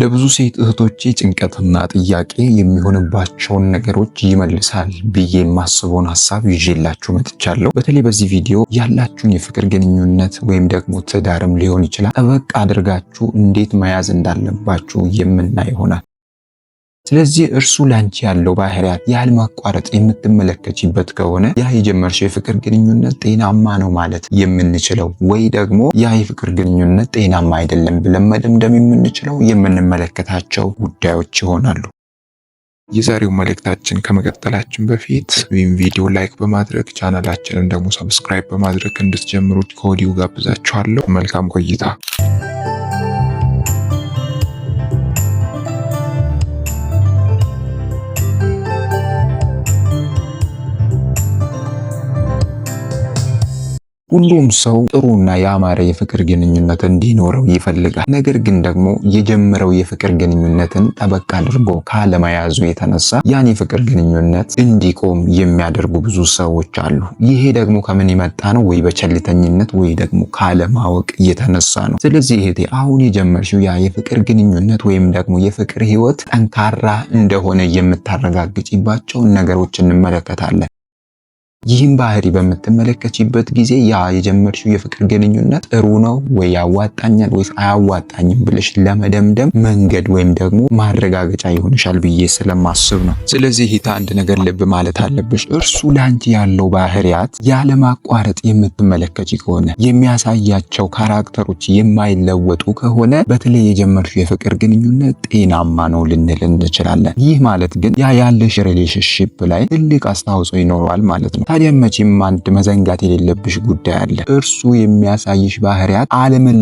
ለብዙ ሴት እህቶቼ ጭንቀትና ጥያቄ የሚሆንባቸውን ነገሮች ይመልሳል ብዬ የማስበውን ሀሳብ ይዤላችሁ መጥቻለሁ። በተለይ በዚህ ቪዲዮ ያላችሁን የፍቅር ግንኙነት ወይም ደግሞ ትዳርም ሊሆን ይችላል ጠበቅ አድርጋችሁ እንዴት መያዝ እንዳለባችሁ የምናይ ይሆናል። ስለዚህ እርሱ ላንቺ ያለው ባህሪያት ያህል ማቋረጥ የምትመለከችበት ከሆነ ያ የጀመርሽው የፍቅር ግንኙነት ጤናማ ነው ማለት የምንችለው ወይ ደግሞ ያ የፍቅር ግንኙነት ጤናማ አይደለም ብለን መደምደም የምንችለው የምንመለከታቸው ጉዳዮች ይሆናሉ። የዛሬው መልእክታችን ከመቀጠላችን በፊት ወይም ቪዲዮ ላይክ በማድረግ ቻናላችንን ደግሞ ሰብስክራይብ በማድረግ እንድትጀምሩት ከወዲሁ ጋብዛችኋለሁ። መልካም ቆይታ ሁሉም ሰው ጥሩና ያማረ የፍቅር ግንኙነት እንዲኖረው ይፈልጋል። ነገር ግን ደግሞ የጀመረው የፍቅር ግንኙነትን ጠበቅ አድርጎ ካለመያዙ የተነሳ ያን የፍቅር ግንኙነት እንዲቆም የሚያደርጉ ብዙ ሰዎች አሉ። ይሄ ደግሞ ከምን የመጣ ነው? ወይ በቸልተኝነት ወይ ደግሞ ካለማወቅ የተነሳ ነው። ስለዚህ እህቴ አሁን የጀመርሽው ያ የፍቅር ግንኙነት ወይም ደግሞ የፍቅር ህይወት ጠንካራ እንደሆነ የምታረጋግጭባቸውን ነገሮች እንመለከታለን። ይህን ባህሪ በምትመለከችበት ጊዜ ያ የጀመርሽው የፍቅር ግንኙነት ጥሩ ነው ወይ ያዋጣኛል ወይስ አያዋጣኝም ብለሽ ለመደምደም መንገድ ወይም ደግሞ ማረጋገጫ ይሆንሻል ብዬ ስለማስብ ነው። ስለዚህ ሂታ አንድ ነገር ልብ ማለት አለብሽ። እርሱ ለአንቺ ያለው ባህሪያት ያለማቋረጥ የምትመለከች ከሆነ የሚያሳያቸው ካራክተሮች የማይለወጡ ከሆነ በተለይ የጀመርሽው የፍቅር ግንኙነት ጤናማ ነው ልንል እንችላለን። ይህ ማለት ግን ያ ያለሽ ሪሌሽንሽፕ ላይ ትልቅ አስተዋጽኦ ይኖረዋል ማለት ነው። ታዲያ መቼም አንድ መዘንጋት የሌለብሽ ጉዳይ አለ። እርሱ የሚያሳይሽ ባህሪያት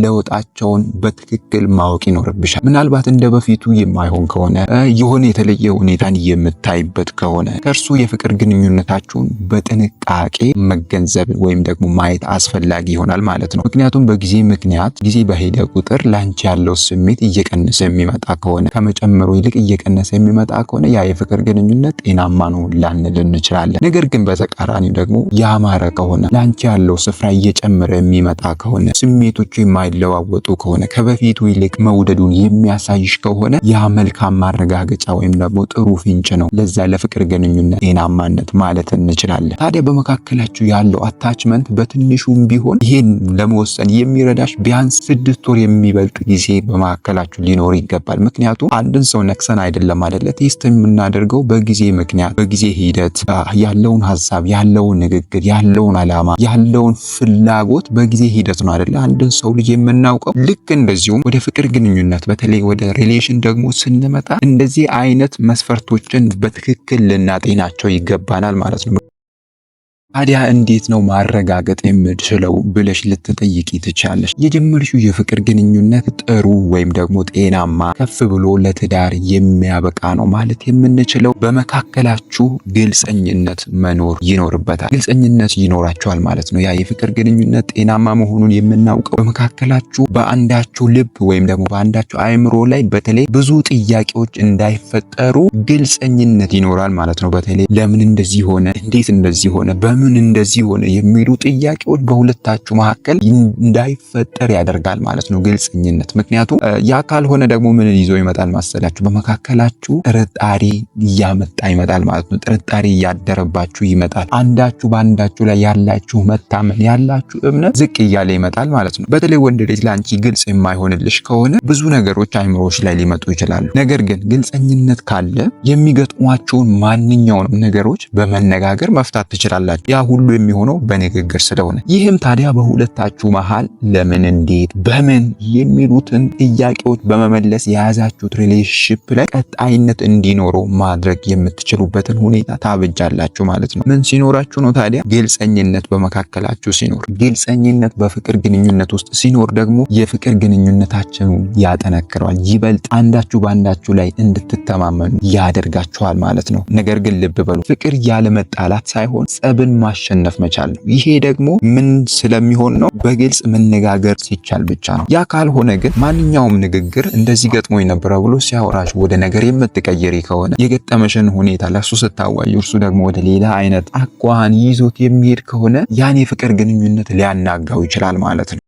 ለውጣቸውን በትክክል ማወቅ ይኖርብሻል። ምናልባት እንደ በፊቱ የማይሆን ከሆነ የሆነ የተለየ ሁኔታን የምታይበት ከሆነ ከእርሱ የፍቅር ግንኙነታችሁን በጥንቃቄ መገንዘብ ወይም ደግሞ ማየት አስፈላጊ ይሆናል ማለት ነው። ምክንያቱም በጊዜ ምክንያት ጊዜ በሄደ ቁጥር ላንቺ ያለው ስሜት እየቀነሰ የሚመጣ ከሆነ ከመጨመሩ ይልቅ እየቀነሰ የሚመጣ ከሆነ ያ የፍቅር ግንኙነት ጤናማ ነው ላንል እንችላለን። ነገር ግን በተቃራ በተቃራኒው ደግሞ ያማረ ከሆነ ለአንቺ ያለው ስፍራ እየጨመረ የሚመጣ ከሆነ ስሜቶቹ የማይለዋወጡ ከሆነ ከበፊቱ ይልቅ መውደዱን የሚያሳይሽ ከሆነ ያ መልካም ማረጋገጫ ወይም ደግሞ ጥሩ ፍንጭ ነው ለዛ ለፍቅር ግንኙነት ጤናማነት ማለት እንችላለን። ታዲያ በመካከላችሁ ያለው አታችመንት በትንሹም ቢሆን ይሄን ለመወሰን የሚረዳሽ ቢያንስ ስድስት ወር የሚበልጥ ጊዜ በመካከላችሁ ሊኖር ይገባል። ምክንያቱም አንድን ሰው ነክሰን አይደለም አደለ ቴስት የምናደርገው በጊዜ ምክንያት በጊዜ ሂደት ያለውን ሀሳብ ያለ ያለውን ንግግር፣ ያለውን ዓላማ፣ ያለውን ፍላጎት በጊዜ ሂደት ነው አይደለ አንድን ሰው ልጅ የምናውቀው። ልክ እንደዚሁም ወደ ፍቅር ግንኙነት በተለይ ወደ ሪሌሽን ደግሞ ስንመጣ እንደዚህ አይነት መስፈርቶችን በትክክል ልናጤናቸው ይገባናል ማለት ነው። ታዲያ እንዴት ነው ማረጋገጥ የምችለው ብለሽ ልትጠይቂ ትቻለሽ። የጀመርሽው የፍቅር ግንኙነት ጥሩ ወይም ደግሞ ጤናማ ከፍ ብሎ ለትዳር የሚያበቃ ነው ማለት የምንችለው በመካከላችሁ ግልጸኝነት መኖር ይኖርበታል። ግልጸኝነት ይኖራቸዋል ማለት ነው። ያ የፍቅር ግንኙነት ጤናማ መሆኑን የምናውቀው በመካከላችሁ በአንዳችሁ ልብ ወይም ደግሞ በአንዳችሁ አእምሮ ላይ በተለይ ብዙ ጥያቄዎች እንዳይፈጠሩ ግልጸኝነት ይኖራል ማለት ነው። በተለይ ለምን እንደዚህ ሆነ፣ እንዴት እንደዚህ ሆነ ለምን እንደዚህ ሆነ የሚሉ ጥያቄዎች በሁለታችሁ መካከል እንዳይፈጠር ያደርጋል ማለት ነው፣ ግልጽኝነት። ምክንያቱም ያ ካልሆነ ደግሞ ምን ይዞ ይመጣል ማሰላችሁ፣ በመካከላችሁ ጥርጣሬ እያመጣ ይመጣል ማለት ነው። ጥርጣሬ እያደረባችሁ ይመጣል። አንዳችሁ በአንዳችሁ ላይ ያላችሁ መታመን፣ ያላችሁ እምነት ዝቅ እያለ ይመጣል ማለት ነው። በተለይ ወንድ ልጅ ለአንቺ ግልጽ የማይሆንልሽ ከሆነ ብዙ ነገሮች አይምሮች ላይ ሊመጡ ይችላሉ። ነገር ግን ግልጸኝነት ካለ የሚገጥሟቸውን ማንኛውንም ነገሮች በመነጋገር መፍታት ትችላላችሁ። ያ ሁሉ የሚሆነው በንግግር ስለሆነ ይህም ታዲያ በሁለታችሁ መሃል ለምን፣ እንዴት፣ በምን የሚሉትን ጥያቄዎች በመመለስ የያዛችሁት ሪሌሽንሽፕ ላይ ቀጣይነት እንዲኖረው ማድረግ የምትችሉበትን ሁኔታ ታበጃላችሁ ማለት ነው። ምን ሲኖራችሁ ነው ታዲያ? ግልጸኝነት በመካከላችሁ ሲኖር፣ ግልጸኝነት በፍቅር ግንኙነት ውስጥ ሲኖር ደግሞ የፍቅር ግንኙነታችን ያጠነክረዋል። ይበልጥ አንዳችሁ በአንዳችሁ ላይ እንድትተማመኑ ያደርጋችኋል ማለት ነው። ነገር ግን ልብ በሉ ፍቅር ያለመጣላት ሳይሆን ጸብን ማሸነፍ መቻል ነው። ይሄ ደግሞ ምን ስለሚሆን ነው? በግልጽ መነጋገር ሲቻል ብቻ ነው። ያ ካልሆነ ግን ማንኛውም ንግግር እንደዚህ ገጥሞ ነበረ ብሎ ሲያወራሽ ወደ ነገር የምትቀይሪ ከሆነ የገጠመሽን ሁኔታ ለእሱ ስታዋይ እርሱ ደግሞ ወደ ሌላ አይነት አኳኋን ይዞት የሚሄድ ከሆነ ያን የፍቅር ግንኙነት ሊያናጋው ይችላል ማለት ነው።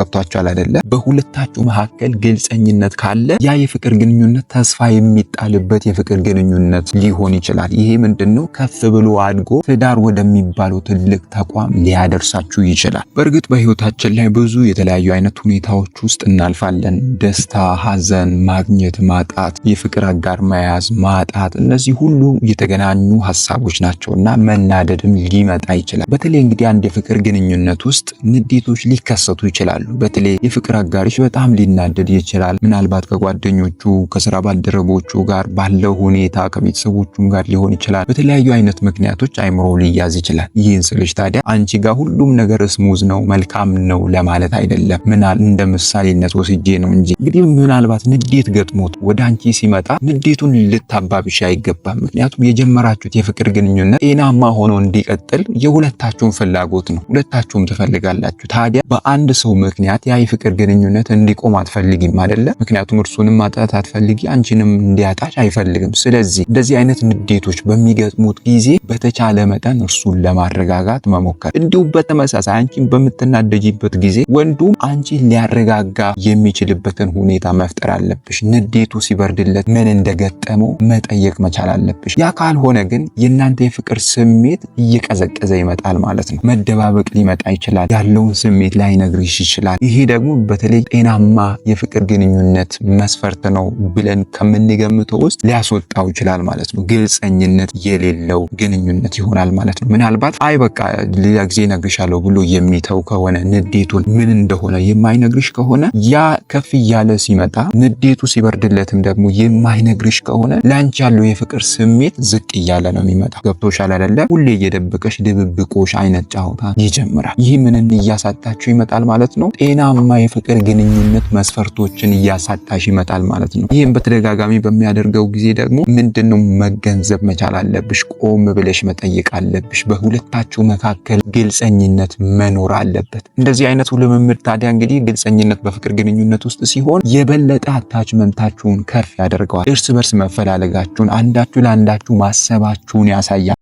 ገብቷቸዋል አይደለ? በሁለታችሁ መካከል ግልጸኝነት ካለ ያ የፍቅር ግንኙነት ተስፋ የሚጣልበት የፍቅር ግንኙነት ሊሆን ይችላል። ይሄ ምንድን ነው? ከፍ ብሎ አድጎ ትዳር ወደሚባለው ትልቅ ተቋም ሊያደርሳችሁ ይችላል። በእርግጥ በህይወታችን ላይ ብዙ የተለያዩ አይነት ሁኔታዎች ውስጥ እናልፋለን። ደስታ፣ ሀዘን፣ ማግኘት፣ ማጣት፣ የፍቅር አጋር መያዝ፣ ማጣት፣ እነዚህ ሁሉ የተገናኙ ሀሳቦች ናቸው እና መናደድም ሊመጣ ይችላል። በተለይ እንግዲህ አንድ የፍቅር ግንኙነት ውስጥ ንዴቶች ሊከሰቱ ይችላል። ይችላሉ። በተለይ የፍቅር አጋሪሽ በጣም ሊናደድ ይችላል። ምናልባት ከጓደኞቹ ከስራ ባልደረቦቹ ጋር ባለው ሁኔታ ከቤተሰቦቹም ጋር ሊሆን ይችላል። በተለያዩ አይነት ምክንያቶች አይምሮ ሊያዝ ይችላል። ይህን ስልሽ ታዲያ አንቺ ጋር ሁሉም ነገር ስሙዝ ነው መልካም ነው ለማለት አይደለም። ምናል እንደ ምሳሌነት ወስጄ ነው እንጂ እንግዲህ ምናልባት ንዴት ገጥሞት ወደ አንቺ ሲመጣ ንዴቱን ልታባብሽ አይገባም። ምክንያቱም የጀመራችሁት የፍቅር ግንኙነት ጤናማ ሆኖ እንዲቀጥል የሁለታችሁም ፍላጎት ነው። ሁለታችሁም ትፈልጋላችሁ። ታዲያ በአንድ ሰው ምክንያት ያ የፍቅር ግንኙነት እንዲቆም አትፈልጊም አይደለም። ምክንያቱም እርሱንም ማጣት አትፈልጊ፣ አንቺንም እንዲያጣሽ አይፈልግም። ስለዚህ እንደዚህ አይነት ንዴቶች በሚገጥሙት ጊዜ በተቻለ መጠን እርሱን ለማረጋጋት መሞከር፣ እንዲሁም በተመሳሳይ አንቺን በምትናደጂበት ጊዜ ወንዱም አንቺን ሊያረጋጋ የሚችልበትን ሁኔታ መፍጠር አለብሽ። ንዴቱ ሲበርድለት ምን እንደገጠመው መጠየቅ መቻል አለብሽ። ያ ካልሆነ ግን የእናንተ የፍቅር ስሜት እየቀዘቀዘ ይመጣል ማለት ነው። መደባበቅ ሊመጣ ይችላል። ያለውን ስሜት ላይነግርሽ ይችላል። ይችላል። ይሄ ደግሞ በተለይ ጤናማ የፍቅር ግንኙነት መስፈርት ነው ብለን ከምንገምተው ውስጥ ሊያስወጣው ይችላል ማለት ነው። ግልፀኝነት የሌለው ግንኙነት ይሆናል ማለት ነው። ምናልባት አይ በቃ ሌላ ጊዜ እነግርሻለሁ ብሎ የሚተው ከሆነ ንዴቱን ምን እንደሆነ የማይነግርሽ ከሆነ ያ ከፍ እያለ ሲመጣ ንዴቱ ሲበርድለትም ደግሞ የማይነግርሽ ከሆነ ለአንቺ ያለው የፍቅር ስሜት ዝቅ እያለ ነው የሚመጣ። ገብቶሻል አይደለ? ሁሌ እየደበቀሽ ድብብቆሽ አይነት ጫወታ ይጀምራል። ይህ ምንን እያሳጣችሁ ይመጣል ማለት ነው። ጤናማ የፍቅር ግንኙነት መስፈርቶችን እያሳጣሽ ይመጣል ማለት ነው። ይህም በተደጋጋሚ በሚያደርገው ጊዜ ደግሞ ምንድነው መገንዘብ መቻል አለብሽ። ቆም ብለሽ መጠየቅ አለብሽ። በሁለታችሁ መካከል ግልጸኝነት መኖር አለበት። እንደዚህ አይነቱ ልምምድ ታዲያ እንግዲህ ግልጸኝነት በፍቅር ግንኙነት ውስጥ ሲሆን የበለጠ አታችመንታችሁን ከፍ ያደርገዋል። እርስ በርስ መፈላለጋችሁን፣ አንዳችሁ ለአንዳችሁ ማሰባችሁን ያሳያል።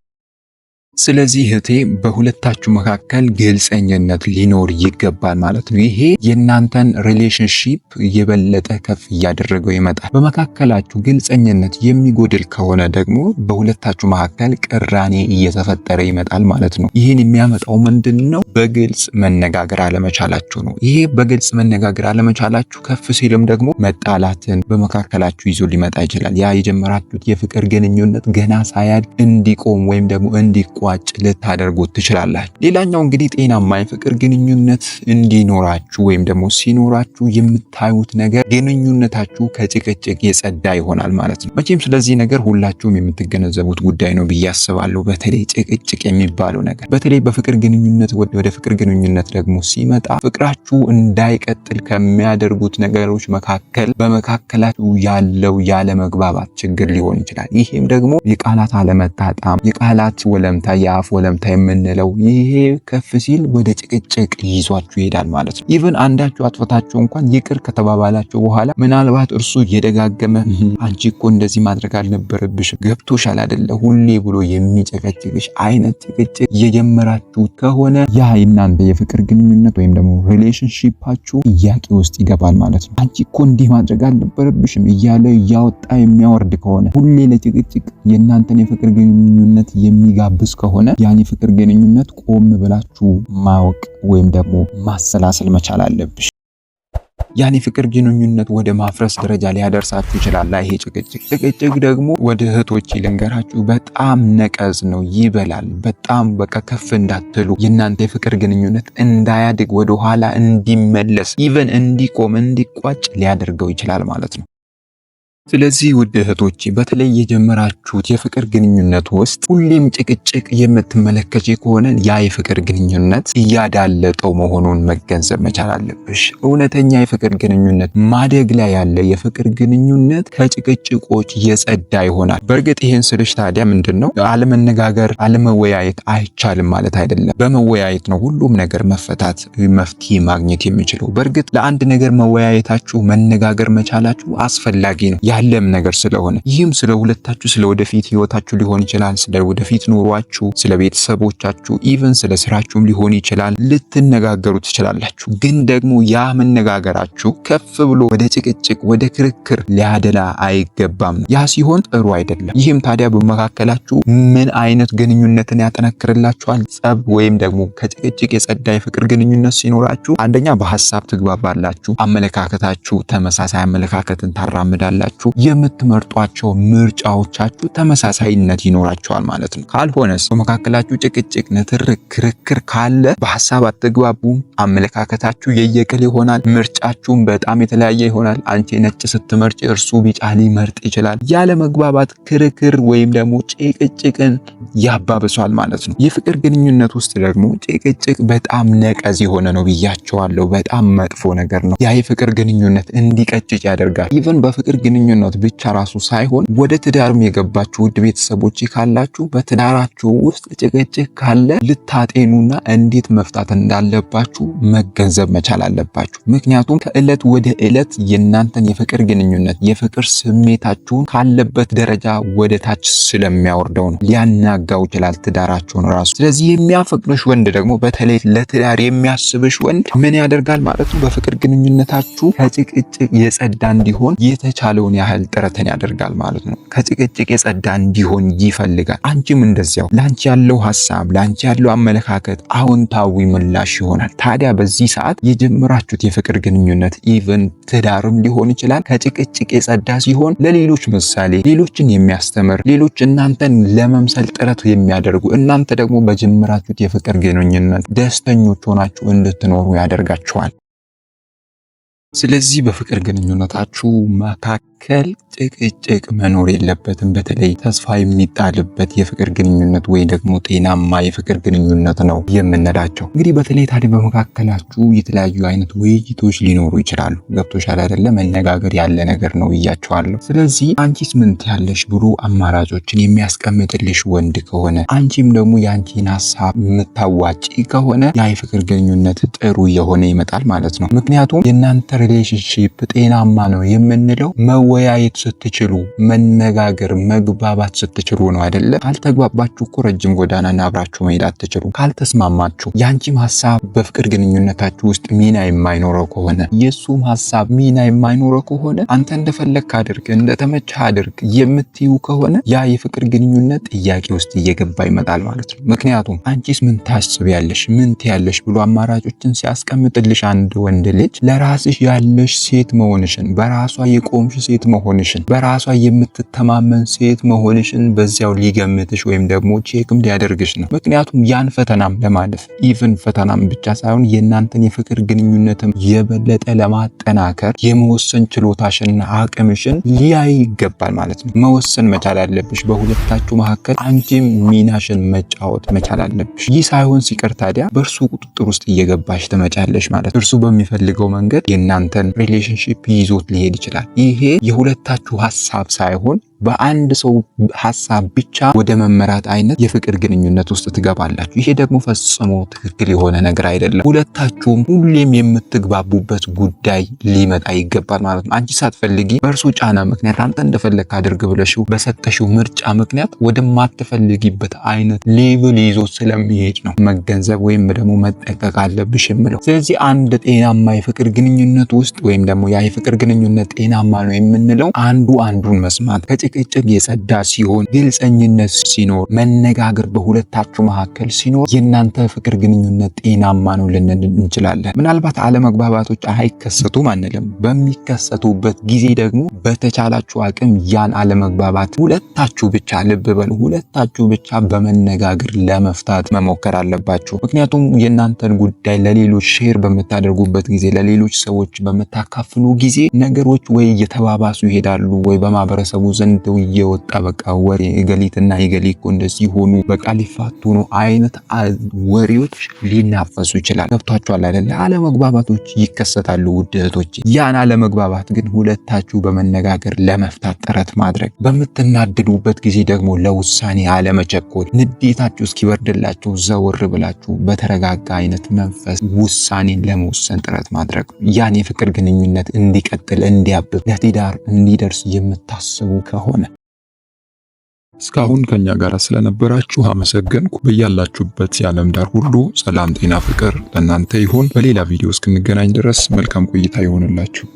ስለዚህ እህቴ በሁለታችሁ መካከል ግልጸኝነት ሊኖር ይገባል ማለት ነው። ይሄ የእናንተን ሪሌሽንሺፕ የበለጠ ከፍ እያደረገው ይመጣል። በመካከላችሁ ግልጸኝነት የሚጎድል ከሆነ ደግሞ በሁለታችሁ መካከል ቅራኔ እየተፈጠረ ይመጣል ማለት ነው። ይህን የሚያመጣው ምንድን ነው? በግልጽ መነጋገር አለመቻላችሁ ነው። ይሄ በግልጽ መነጋገር አለመቻላችሁ ከፍ ሲልም ደግሞ መጣላትን በመካከላችሁ ይዞ ሊመጣ ይችላል። ያ የጀመራችሁት የፍቅር ግንኙነት ገና ሳያድግ እንዲቆም ወይም ደግሞ እንዲቋ እንዲቋጭ ልታደርጉት ትችላላችሁ። ሌላኛው እንግዲህ ጤናማ የፍቅር ግንኙነት እንዲኖራችሁ ወይም ደግሞ ሲኖራችሁ የምታዩት ነገር ግንኙነታችሁ ከጭቅጭቅ የጸዳ ይሆናል ማለት ነው። መቼም ስለዚህ ነገር ሁላችሁም የምትገነዘቡት ጉዳይ ነው ብዬ አስባለሁ። በተለይ ጭቅጭቅ የሚባለው ነገር በተለይ በፍቅር ግንኙነት ወደ ፍቅር ግንኙነት ደግሞ ሲመጣ ፍቅራችሁ እንዳይቀጥል ከሚያደርጉት ነገሮች መካከል በመካከላችሁ ያለው ያለመግባባት ችግር ሊሆን ይችላል። ይህም ደግሞ የቃላት አለመጣጣም፣ የቃላት ወለምታ የአፍ ወለምታ የምንለው ይሄ ከፍ ሲል ወደ ጭቅጭቅ ይዟችሁ ይሄዳል ማለት ነው። ኢቭን አንዳችሁ አጥፈታችሁ እንኳን ይቅር ከተባባላችሁ በኋላ ምናልባት እርሱ እየደጋገመ አንቺ እኮ እንደዚህ ማድረግ አልነበረብሽም ገብቶሻል አይደለ ሁሌ ብሎ የሚጨቀጭቅሽ አይነት ጭቅጭቅ እየጀመራችሁ ከሆነ ያ እናንተ የፍቅር ግንኙነት ወይም ደግሞ ሪሌሽንሺፓችሁ ጥያቄ ውስጥ ይገባል ማለት ነው። አንቺ እኮ እንዲህ ማድረግ አልነበረብሽም እያለ እያወጣ የሚያወርድ ከሆነ ሁሌ ለጭቅጭቅ የእናንተን የፍቅር ግንኙነት የሚጋብስ ከሆነ ያን የፍቅር ግንኙነት ቆም ብላችሁ ማወቅ ወይም ደግሞ ማሰላሰል መቻል አለብሽ። ያን የፍቅር ግንኙነት ወደ ማፍረስ ደረጃ ሊያደርሳችሁ ይችላል። ይሄ ጭቅጭቅ ጭቅጭቅ ደግሞ ወደ እህቶች ልንገራችሁ በጣም ነቀዝ ነው፣ ይበላል። በጣም በቃ ከፍ እንዳትሉ የእናንተ የፍቅር ግንኙነት እንዳያድግ ወደኋላ እንዲመለስ ኢቨን እንዲቆም እንዲቋጭ ሊያደርገው ይችላል ማለት ነው። ስለዚህ ውድ እህቶች በተለይ የጀመራችሁት የፍቅር ግንኙነት ውስጥ ሁሌም ጭቅጭቅ የምትመለከች ከሆነ ያ የፍቅር ግንኙነት እያዳለጠው መሆኑን መገንዘብ መቻል አለብሽ። እውነተኛ የፍቅር ግንኙነት ማደግ ላይ ያለ የፍቅር ግንኙነት ከጭቅጭቆች የጸዳ ይሆናል። በእርግጥ ይህን ስልሽ ታዲያ ምንድን ነው አለመነጋገር፣ አለመወያየት አይቻልም ማለት አይደለም። በመወያየት ነው ሁሉም ነገር መፈታት፣ መፍትሄ ማግኘት የሚችለው። በእርግጥ ለአንድ ነገር መወያየታችሁ፣ መነጋገር መቻላችሁ አስፈላጊ ነው። ያለም ነገር ስለሆነ ይህም ስለ ሁለታችሁ ስለ ወደፊት ህይወታችሁ ሊሆን ይችላል። ስለ ወደፊት ኑሯችሁ፣ ስለ ቤተሰቦቻችሁ፣ ኢቨን ስለ ስራችሁም ሊሆን ይችላል። ልትነጋገሩ ትችላላችሁ። ግን ደግሞ ያ መነጋገራችሁ ከፍ ብሎ ወደ ጭቅጭቅ ወደ ክርክር ሊያደላ አይገባም። ያ ሲሆን ጥሩ አይደለም። ይህም ታዲያ በመካከላችሁ ምን አይነት ግንኙነትን ያጠነክርላችኋል? ጸብ ወይም ደግሞ ከጭቅጭቅ የጸዳ የፍቅር ግንኙነት ሲኖራችሁ አንደኛ በሀሳብ ትግባባላችሁ። አመለካከታችሁ ተመሳሳይ አመለካከትን ታራምዳላችሁ። የምትመርጧቸው ምርጫዎቻችሁ ተመሳሳይነት ይኖራቸዋል ማለት ነው። ካልሆነስ በመካከላችሁ ጭቅጭቅ፣ ንትርክ፣ ክርክር ካለ በሀሳብ አትግባቡም። አመለካከታችሁ የየቅል ይሆናል። ምርጫችሁም በጣም የተለያየ ይሆናል። አንቺ ነጭ ስትመርጭ እርሱ ቢጫ ሊመርጥ ይችላል። ያለ መግባባት ክርክር ወይም ደግሞ ጭቅጭቅን ያባብሷል ማለት ነው። የፍቅር ግንኙነት ውስጥ ደግሞ ጭቅጭቅ በጣም ነቀዝ የሆነ ነው ብያቸዋለሁ። በጣም መጥፎ ነገር ነው። ያ የፍቅር ግንኙነት እንዲቀጭጭ ያደርጋል። ኢቨን በፍቅር ግንኙነት ግንኙነት ብቻ ራሱ ሳይሆን ወደ ትዳርም የገባችሁ ውድ ቤተሰቦች ካላችሁ በትዳራችሁ ውስጥ ጭቅጭቅ ካለ ልታጤኑና እንዴት መፍታት እንዳለባችሁ መገንዘብ መቻል አለባችሁ። ምክንያቱም ከእለት ወደ እለት የእናንተን የፍቅር ግንኙነት የፍቅር ስሜታችሁን ካለበት ደረጃ ወደ ታች ስለሚያወርደው ነው፣ ሊያናጋው ይችላል ትዳራችሁን ራሱ። ስለዚህ የሚያፈቅርሽ ወንድ ደግሞ በተለይ ለትዳር የሚያስብሽ ወንድ ምን ያደርጋል ማለት ነው በፍቅር ግንኙነታችሁ ከጭቅጭቅ የጸዳ እንዲሆን የተቻለውን ያህል ጥረትን ያደርጋል ማለት ነው። ከጭቅጭቅ የጸዳ እንዲሆን ይፈልጋል። አንቺም እንደዚያው ለአንቺ ያለው ሀሳብ፣ ለአንቺ ያለው አመለካከት አዎንታዊ ምላሽ ይሆናል። ታዲያ በዚህ ሰዓት የጀመራችሁት የፍቅር ግንኙነት ኢቨን ትዳርም ሊሆን ይችላል ከጭቅጭቅ የጸዳ ሲሆን ለሌሎች ምሳሌ፣ ሌሎችን የሚያስተምር ሌሎች እናንተን ለመምሰል ጥረት የሚያደርጉ እናንተ ደግሞ በጀመራችሁት የፍቅር ግንኙነት ደስተኞች ሆናችሁ እንድትኖሩ ያደርጋችኋል። ስለዚህ በፍቅር ግንኙነታችሁ መካከል መካከል ጭቅጭቅ መኖር የለበትም። በተለይ ተስፋ የሚጣልበት የፍቅር ግንኙነት ወይ ደግሞ ጤናማ የፍቅር ግንኙነት ነው የምንላቸው። እንግዲህ በተለይ ታዲያ በመካከላችሁ የተለያዩ አይነት ውይይቶች ሊኖሩ ይችላሉ። ገብቶሻል አይደለ? መነጋገር ያለ ነገር ነው ብያቸዋለሁ። ስለዚህ አንቺስ ምን ትያለሽ ብሎ አማራጮችን የሚያስቀምጥልሽ ወንድ ከሆነ አንቺም ደግሞ የአንቺን ሀሳብ የምታዋጪ ከሆነ ያ የፍቅር ግንኙነት ጥሩ የሆነ ይመጣል ማለት ነው። ምክንያቱም የእናንተ ሪሌሽንሽፕ ጤናማ ነው የምንለው መወያየት ስትችሉ መነጋገር መግባባት ስትችሉ ነው አይደለ? ካልተግባባችሁ እኮ ረጅም ጎዳናና አብራችሁ መሄድ አትችሉ። ካልተስማማችሁ የአንቺም ሀሳብ በፍቅር ግንኙነታችሁ ውስጥ ሚና የማይኖረው ከሆነ የእሱም ሀሳብ ሚና የማይኖረው ከሆነ አንተ እንደፈለግክ አድርግ፣ እንደተመቸህ አድርግ የምትዩ ከሆነ ያ የፍቅር ግንኙነት ጥያቄ ውስጥ እየገባ ይመጣል ማለት ነው። ምክንያቱም አንቺስ ምን ታስቢያለሽ፣ ምን ትያለሽ ብሎ አማራጮችን ሲያስቀምጥልሽ አንድ ወንድ ልጅ ለራስሽ ያለሽ ሴት መሆንሽን በራሷ የቆምሽ ሴት ሴት መሆንሽን በራሷ የምትተማመን ሴት መሆንሽን በዚያው ሊገምትሽ ወይም ደግሞ ቼክም ሊያደርግሽ ነው። ምክንያቱም ያን ፈተናም ለማለፍ ኢቭን ፈተናም ብቻ ሳይሆን የእናንተን የፍቅር ግንኙነትም የበለጠ ለማጠናከር የመወሰን ችሎታሽና አቅምሽን ሊያይ ይገባል ማለት ነው። መወሰን መቻል አለብሽ። በሁለታችሁ መካከል አንቺም ሚናሽን መጫወት መቻል አለብሽ። ይህ ሳይሆን ሲቀር ታዲያ በእርሱ ቁጥጥር ውስጥ እየገባሽ ትመጫለሽ ማለት ነው። እርሱ በሚፈልገው መንገድ የእናንተን ሪሌሽንሽፕ ይዞት ሊሄድ ይችላል። ይሄ የሁለታችሁ ሀሳብ ሳይሆን በአንድ ሰው ሀሳብ ብቻ ወደ መመራት አይነት የፍቅር ግንኙነት ውስጥ ትገባላችሁ። ይሄ ደግሞ ፈጽሞ ትክክል የሆነ ነገር አይደለም። ሁለታችሁም ሁሌም የምትግባቡበት ጉዳይ ሊመጣ ይገባል ማለት ነው። አንቺ ሳትፈልጊ በእርሱ ጫና ምክንያት አንተ እንደፈለግ አድርግ ብለሽው በሰጠሽው ምርጫ ምክንያት ወደማትፈልጊበት አይነት ሌቭል ይዞ ስለሚሄድ ነው መገንዘብ ወይም ደግሞ መጠቀቅ አለብሽ የምለው። ስለዚህ አንድ ጤናማ የፍቅር ግንኙነት ውስጥ ወይም ደግሞ ያ የፍቅር ግንኙነት ጤናማ ነው የምንለው አንዱ አንዱን መስማት ከጭቅጭቅ የጸዳ ሲሆን፣ ግልጸኝነት ሲኖር፣ መነጋገር በሁለታችሁ መካከል ሲኖር የእናንተ ፍቅር ግንኙነት ጤናማ ነው ልንል እንችላለን። ምናልባት አለመግባባቶች አይከሰቱም አንልም። በሚከሰቱበት ጊዜ ደግሞ በተቻላችሁ አቅም ያን አለመግባባት ሁለታችሁ ብቻ ልብ በሉ፣ ሁለታችሁ ብቻ በመነጋገር ለመፍታት መሞከር አለባችሁ። ምክንያቱም የእናንተን ጉዳይ ለሌሎች ሼር በምታደርጉበት ጊዜ፣ ለሌሎች ሰዎች በምታካፍሉ ጊዜ ነገሮች ወይ እየተባባሱ ይሄዳሉ ወይ በማህበረሰቡ ዘንድ ከአንተ እየወጣ በቃ ወሬ እገሊትና እገሌ እኮ እንደዚህ ሆኑ በቃ ሊፋቱ ነው አይነት ወሬዎች ሊናፈሱ ይችላል። ገብቷችኋል አይደለ? አለመግባባቶች ይከሰታሉ ውድ እህቶቼ። ያን አለመግባባት ግን ሁለታችሁ በመነጋገር ለመፍታት ጥረት ማድረግ፣ በምትናደዱበት ጊዜ ደግሞ ለውሳኔ አለመቸኮል፣ ንዴታችሁ እስኪበርድላችሁ ዘወር ብላችሁ በተረጋጋ አይነት መንፈስ ውሳኔን ለመወሰን ጥረት ማድረግ ያን የፍቅር ግንኙነት እንዲቀጥል እንዲያብብ ለትዳር እንዲደርስ የምታስቡ ከሆነ ሆነ። እስካሁን ከኛ ጋር ስለነበራችሁ አመሰገንኩ። በያላችሁበት የዓለም ዳር ሁሉ ሰላም፣ ጤና፣ ፍቅር ለእናንተ ይሁን። በሌላ ቪዲዮ እስክንገናኝ ድረስ መልካም ቆይታ ይሆንላችሁ።